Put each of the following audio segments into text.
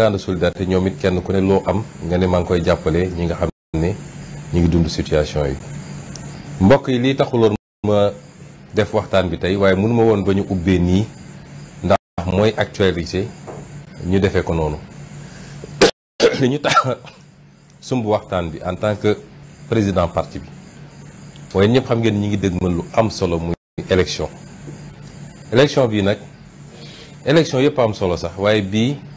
plan de solidarité ñoom it kenn ku ne loo am nga ne maa ngi koy jàppale ñi nga xam ne ñu ngi dund situation yi mbokk yi lii taxuloon ma def waxtaan bi tey waaye mënuma woon ba ñu ubbee nii ndax mooy actualité ñu defee ko noonu li ñu tax sumb waxtaan bi en tant que président parti bi waaye ñëpp xam ngeen ñi ngi dégmal lu am solo muy élection élection bii nag élection yëpp am solo sax waaye bii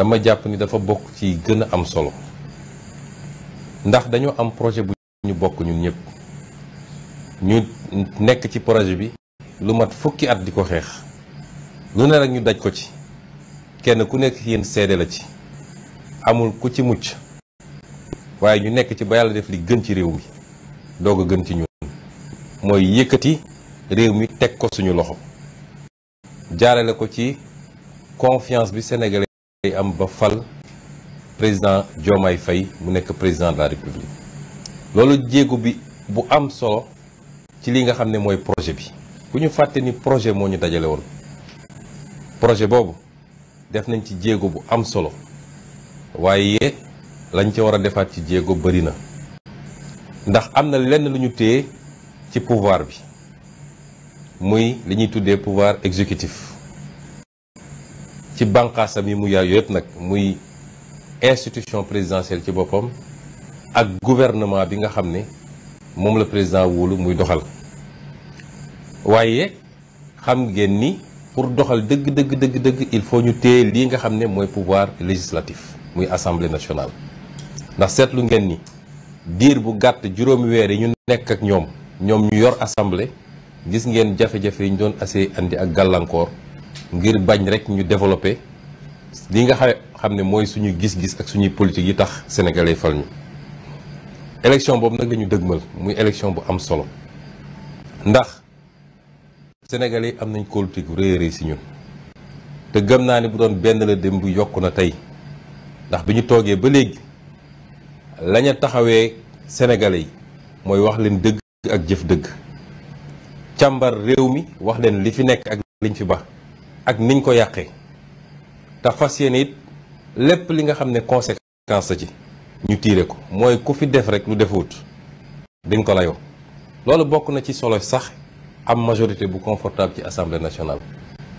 dama jàpp ni dafa bokk ci gën a am solo ndax dañoo am projet bu ñu bokk ñun ñëpp ñu nekk ci projet bi lu mat fukki at di ko xeex lu ne rek ñu daj ko ci kenn ku nekk yéen seede la ci amul ku ci mucc waaye ñu nekk ci ba yàlla def li gën ci réew mi doog a gën ci ñun mooy yëkkati réew mi teg ko suñu loxo jaarale ko ci confiance bi sénégalais ay am ba fal président Diomaye Faye mu nekk président la République loolu jéego bi bu am solo ci li nga xam ne mooy projet bi bu ñu fàtte ni projet moo ñu dajale woon projet boobu def nañ ci jéego bu am solo waaye lañ ca war a defaat ci jéego bëri na ndax am na lenn lu ñu téye ci pouvoir bi muy li ñuy tuddee pouvoir exécutif ci bànqaasam yi mu yaayu yëpp nag muy institution présidentielle ci boppam ak gouvernement bi nga xam ne moom la président wóolu muy doxal waaye xam ngeen ni pour doxal dëgg dëgg dëgg il faut ñu téye lii nga xam ne mooy pouvoir législatif muy assemblée nationale ndax seetlu ngeen ni diir bu gàtt juróomi weer yi ñu nekk ak ñoom ñoom ñu yor assemblée gis ngeen jafe-jafe yi ñu doon assez indi ak gàllankoor ngir bañ rek ñu développer li nga xam ne mooy suñu gis-gis ak suñuy politique yi tax sénégalais fal ñu. élection boobu nag la ñu dëgmal muy élection bu am solo ndax sénégalais am nañ politique bu rëy si ñun te gëm naa ne bu doon benn la dem bu yokku na tey ndax bi ñu toogee ba léegi laña taxawee sénégalais yi mooy wax leen dëgg ak jëf dëgg càmbar réew mi wax leen li fi nekk ak liñ fi ba ak niñ ko yàqee te fas yéene it lépp li nga xam ne conséquence la ci ñu tiire ko mooy ku fi def rek lu defut dañ ko layoo loolu bokk na ci solo sax am majorité bu confortable ci assemblée nationale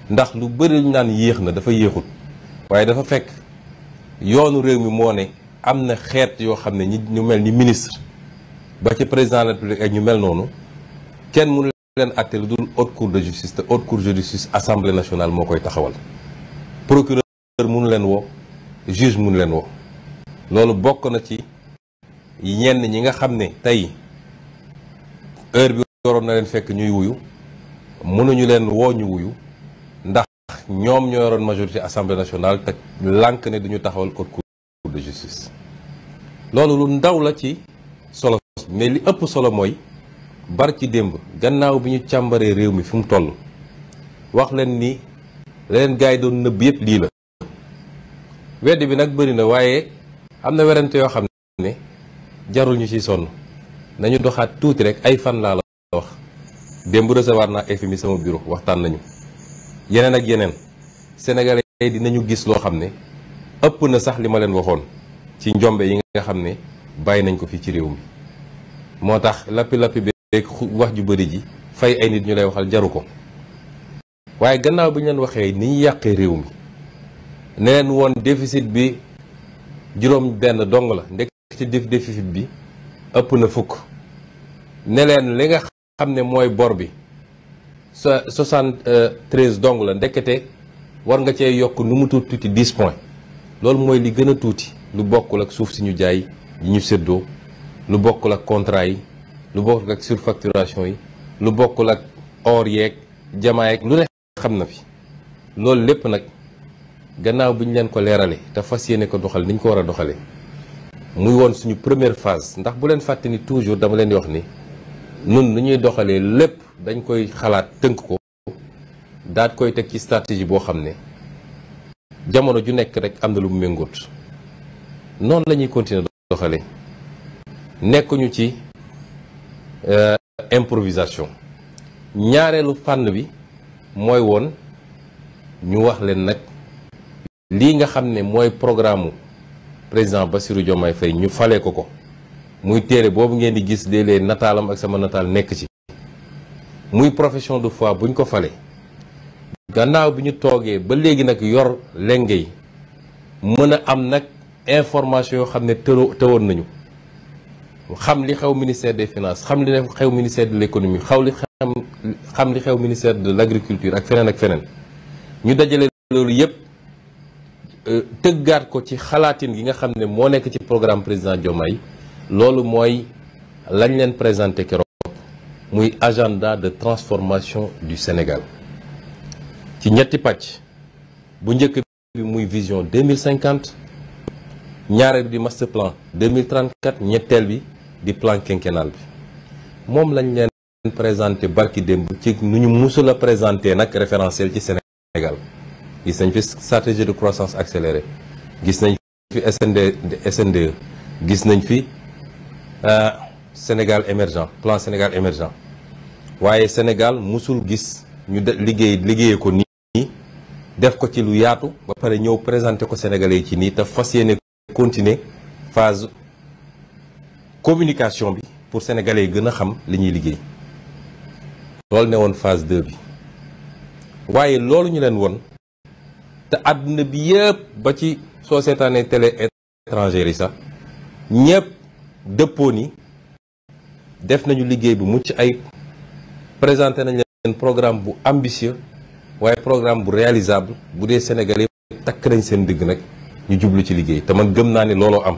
ndax lu bëri ñu naan yéex na dafa yéexut waaye dafa fekk yoonu réew mi moo ne am na xeet yoo xam ne ñi ñu mel ni ministre ba ci président de ak ñu mel noonu kenn mënu leen acte lu dul haute cour de justice te haute cour de justice assemblée nationale moo koy taxawal procureur munu leen woo juge mënu leen wo loolu bokk na ci ñenn ñi nga xam ne tey heure bi waroon na leen fekk ñuy wuyu mënuñu leen woo ñu wuyu ndax ñoom ñoo yoroon majorité assemblée nationale te lànk ne duñu taxawal haute cour de justice loolu lu ndaw la ci solo mais li ëpp solo mooy barki démb gannaaw bi ñu càmbaree réew mi fi mu toll wax leen ni leneen gars yi doon nëbb yëpp lii la wedd bi nag bëri na waaye am na werante yoo xam ne jarul ñu ci sonn nañu doxaat tuuti rek ay fan laa la wax démb recevoir naa FMI sama bureau waxtaan nañu yeneen ak yeneen sénégalais yi dinañu gis loo xam ne ëpp na sax li ma leen waxoon ci njombe yi nga xam ne bàyyi nañ ko fii ci réew mi moo tax lappi lappi bi léegi wax ju bëri ji fay ay nit ñu lay waxal jaru ko waaye gannaaw bi ñu leen waxee ni ñu yàqee réew mi neleen woon déficit bi juróom benn dong la ndekk ci bi ëpp na fukk ne leen li nga xam ne mooy bor bi sa soixante treize dong la ndekete war nga cee yokk nu mu tuuti tuuti dix points loolu mooy li gën a tuuti lu bokkul ak suuf si ñu jaay yi ñu séddoo lu bokkul ak contrat yi lu bokkul ak surfacturation yi lu bokkul ak or yeeg jamaa yeeg lu ne xam na fi loolu lépp nag gannaaw bi ñu leen ko leeralee te fas yéene ko doxal ni ko war a doxalee muy woon suñu première phase ndax bu leen fàtte ni toujours dama leen di wax ni nun nañuy doxalee lépp dañ koy xalaat tënk ko daat koy teg ci stratégie boo xam ne jamono ju nekk rek am na lu mu méngoot noonu la ñuy continuer doxale nekkuñu ci Euh, improvisation ñaareelu fànn bi mooy woon ñu wax leen nag lii nga xam ne mooy programme mu président Bassirou Diomaye fay ñu fale ko ko muy téere boobu ngeen di gis léeg-léeg nataalam ak sama nataal nekk ci muy profession de foi buñ ko fale gannaaw bi ñu toogee ba léegi nag yor lenge yi mën a am nag information yoo xam ne tëwoon nañu xam li xew ministère des finances xam li xew ministère de l'économie xaw li xam xam li xew ministère de l'agriculture ak feneen ak feneen ñu dajale loolu yépp euh, tëggaat ko ci xalaatin gi nga xam ne moo nekk ci programme président Diomaye loolu mooy lañ leen présenté keroog muy agenda de transformation du Sénégal ci ñetti pàcc bu njëkk bi muy vision 2050 ñaareel bi di master plan 2034 ñetteel bi di plan quinquennal bi moom lañ leen présenté barki démb ci nu ñu musul a présenté nag référentiel ci Sénégal gis nañ fi stratégie de croissance accélérée gis nañ fi SND SNDE gis nañ fi euh, Sénégal émergent plan Sénégal émergent waaye Sénégal musul gis ñu de liggéey liggéeye ko nii def ko ci lu yaatu ba pare ñëw présenté ko Sénégalais ci nii te fas yéene continuer phase communication bi pour sénégalais gën a xam li ñuy liggéey loolu ne woon phase 2 bi waaye loolu ñu leen woon te àdduna bi yëpp ba ci soo seetaanee télé étrangère yi sax ñëpp dëppoo ni def nañu liggéey bu mucc ayib présenté nañ leen programme bu ambitieux waaye programme bu réalisable bu dee sénégalais takk nañ seen digg nag ñu jublu ci liggéey te man gëm naa ni looloo am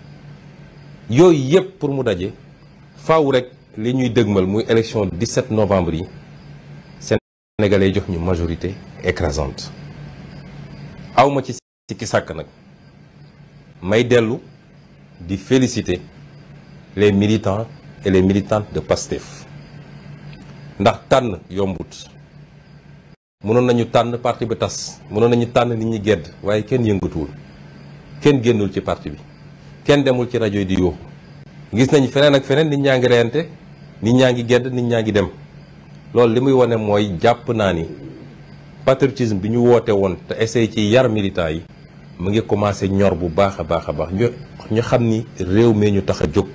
yooyu yëpp pour mu daje faaw rek li ñuy dëgmal muy élection 17 novembre yi Sénégalais yi jox ñu majorité écrasante awma ci sikki sàkk nag may dellu di féliciter les militants et les militantes de PASTEF ndax tànn yombut mënoon nañu tànn partie bi tas mënoon nañu tànn nit ñi gedd waaye kenn yëngatuwul kenn génnul ci partie bi kenn demul ci rajo yi di yuuxu gis nañ feneen ak feneen nit ñaa ngi reyante nit ñaa ngi gedd nit ñaa ngi dem loolu li muy wane mooy jàpp naa ni patriotisme bi ñu woote woon te essayé ci yar militant yi mu ngi commencé ñor bu baax a baax a baax ñu ñu xam ni réew mi ñu tax a jóg